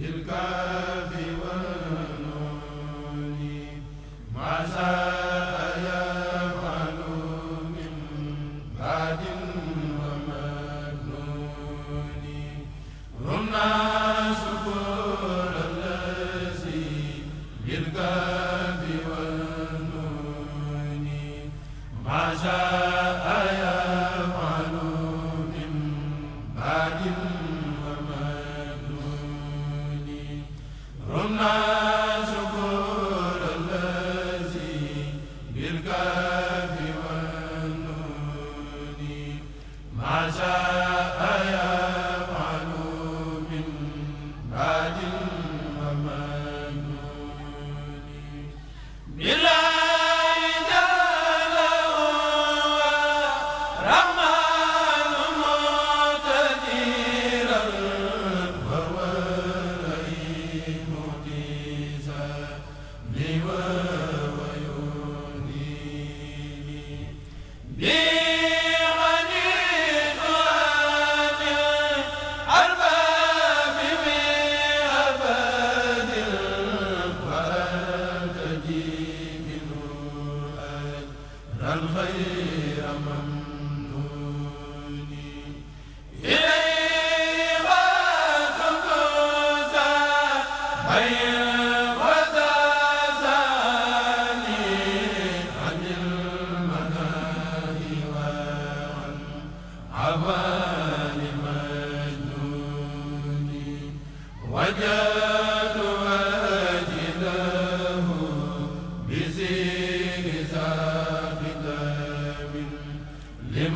tilka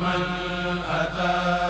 liman ata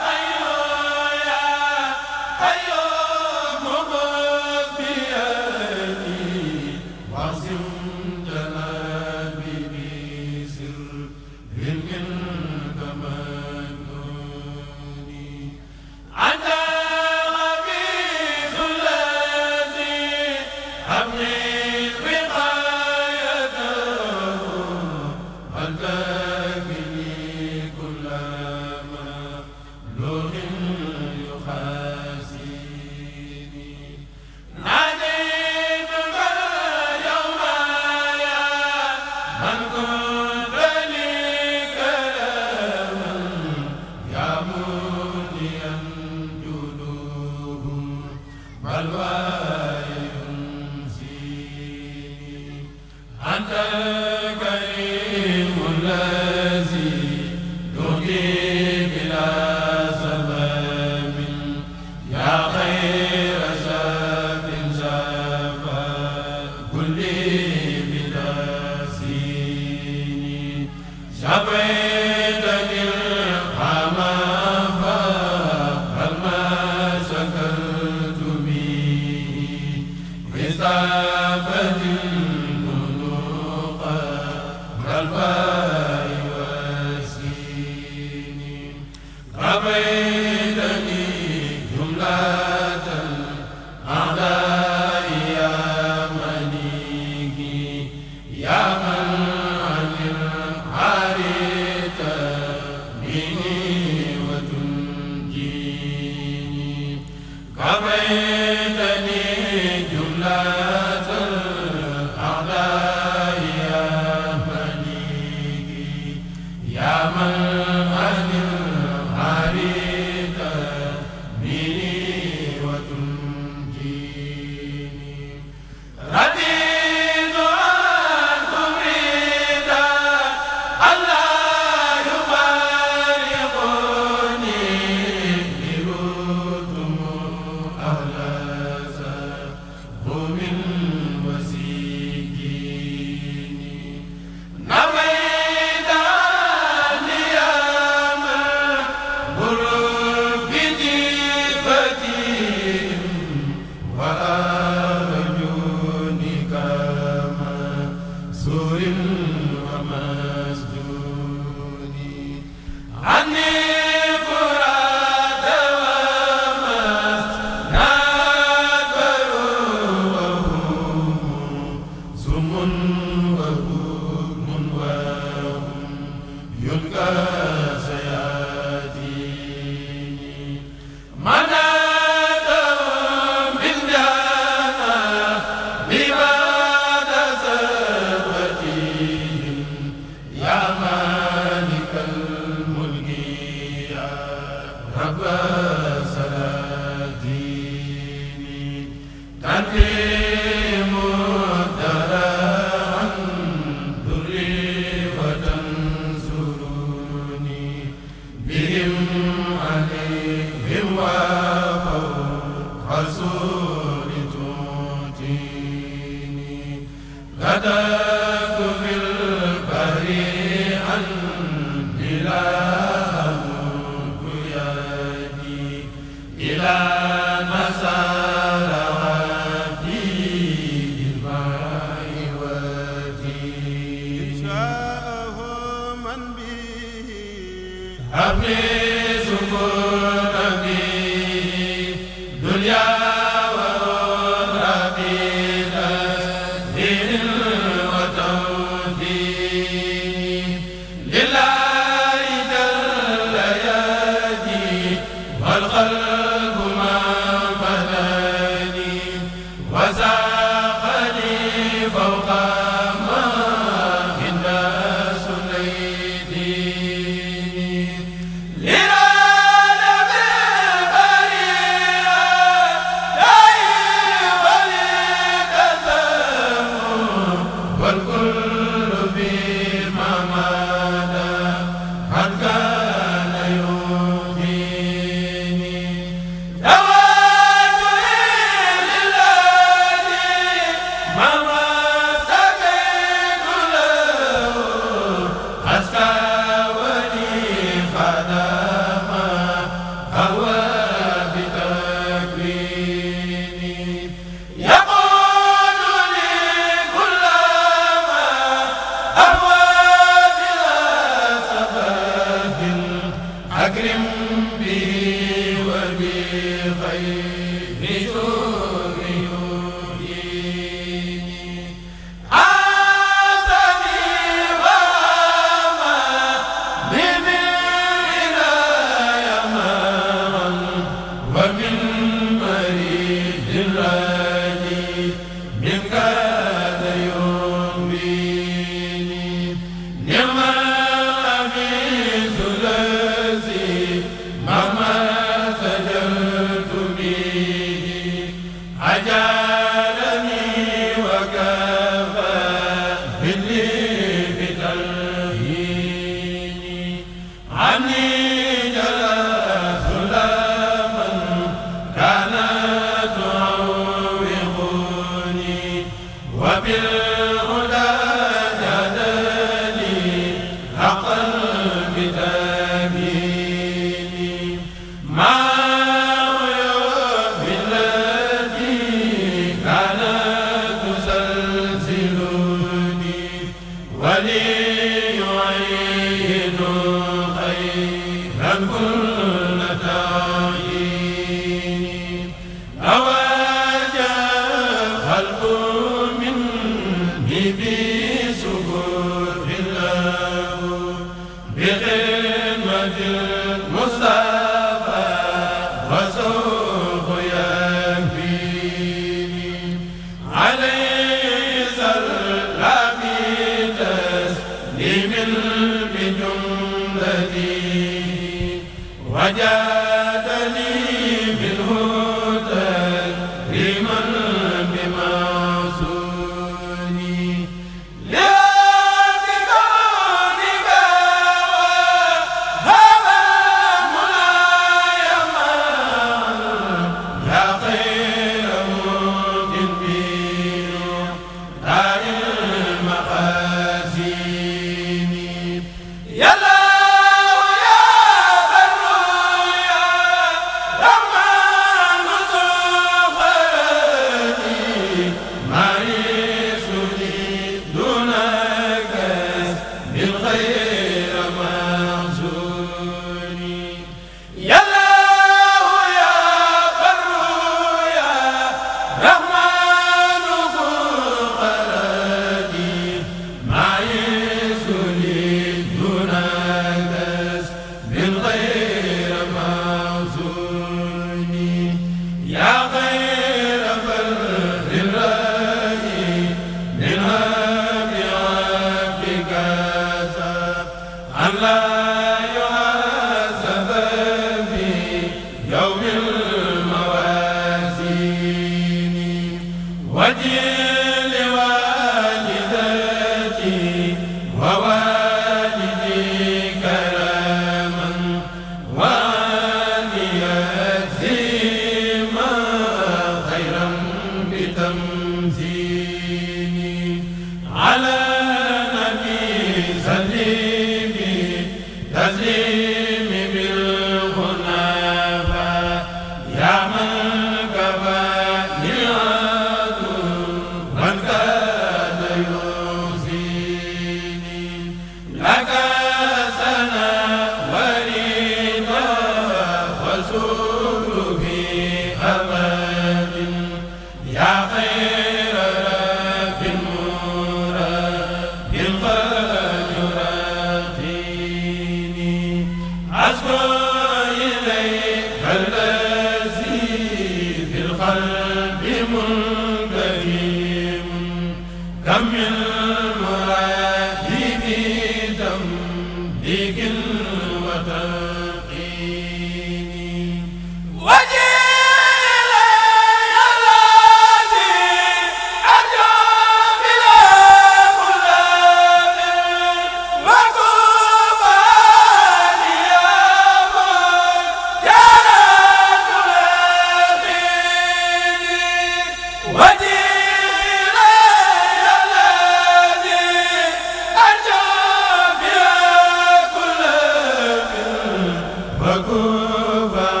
wa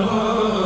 al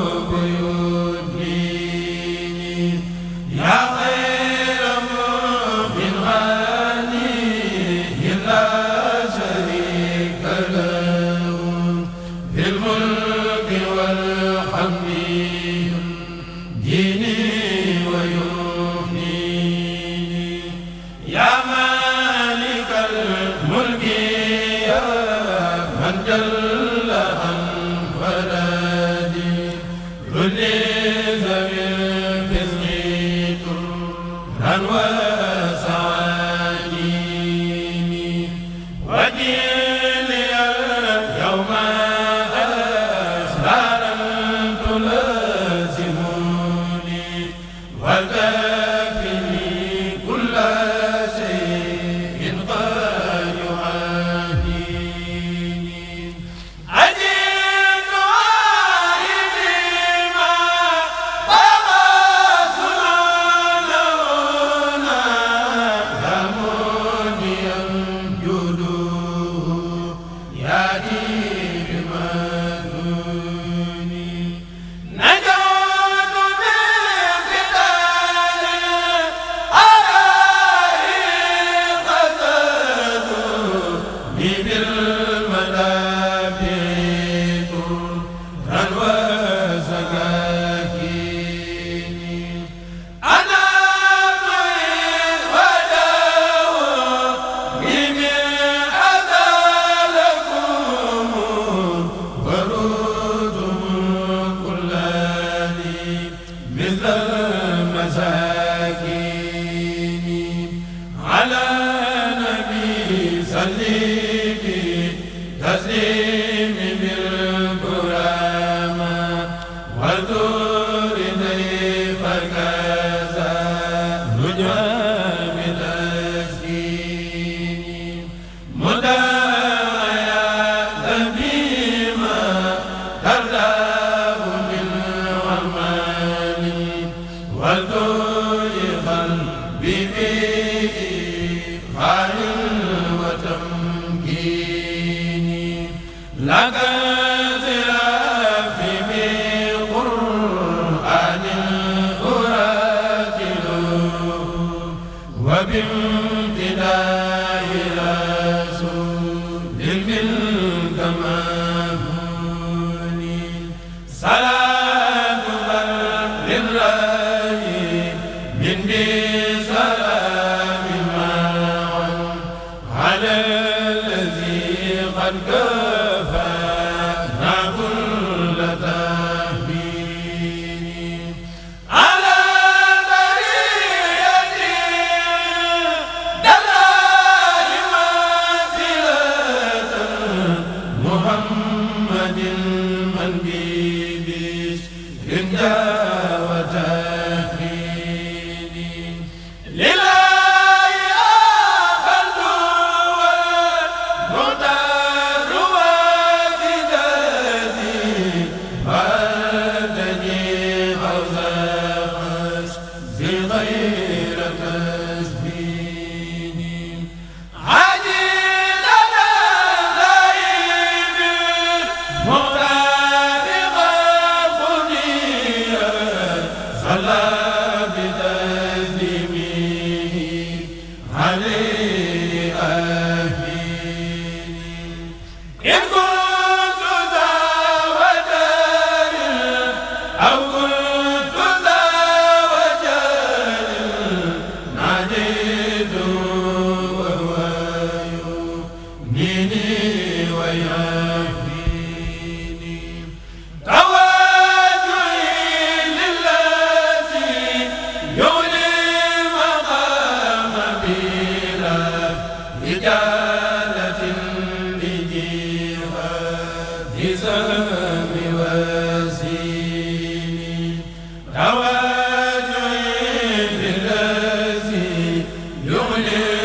lu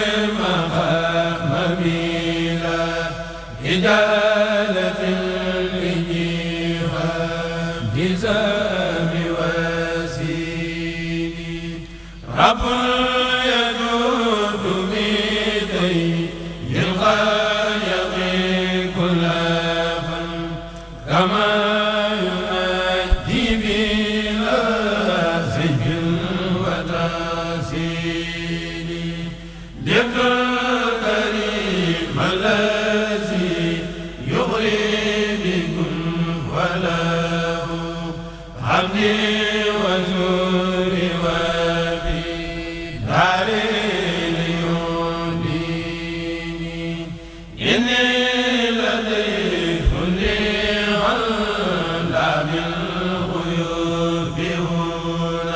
Rasul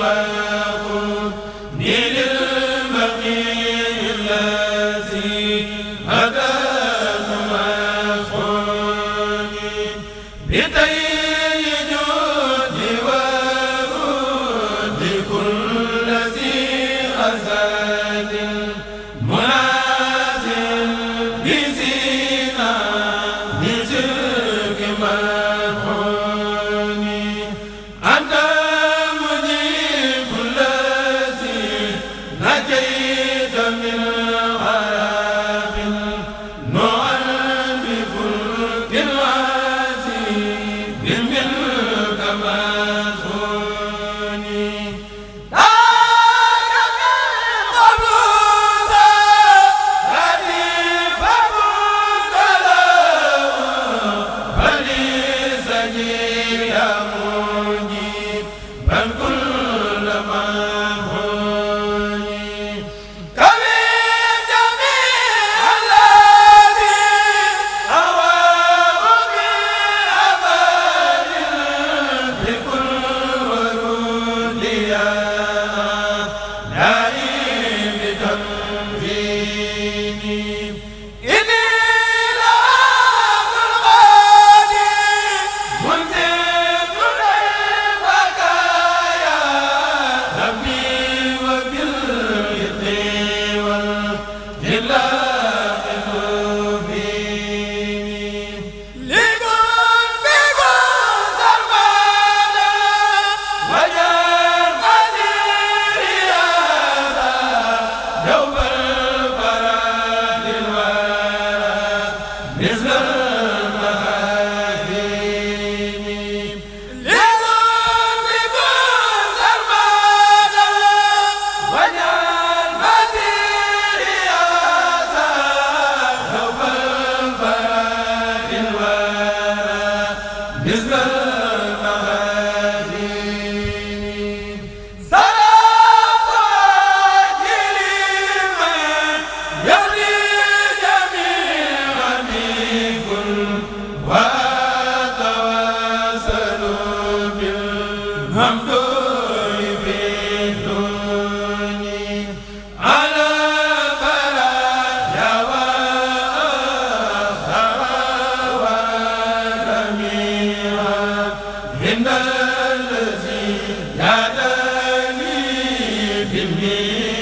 wa ya bi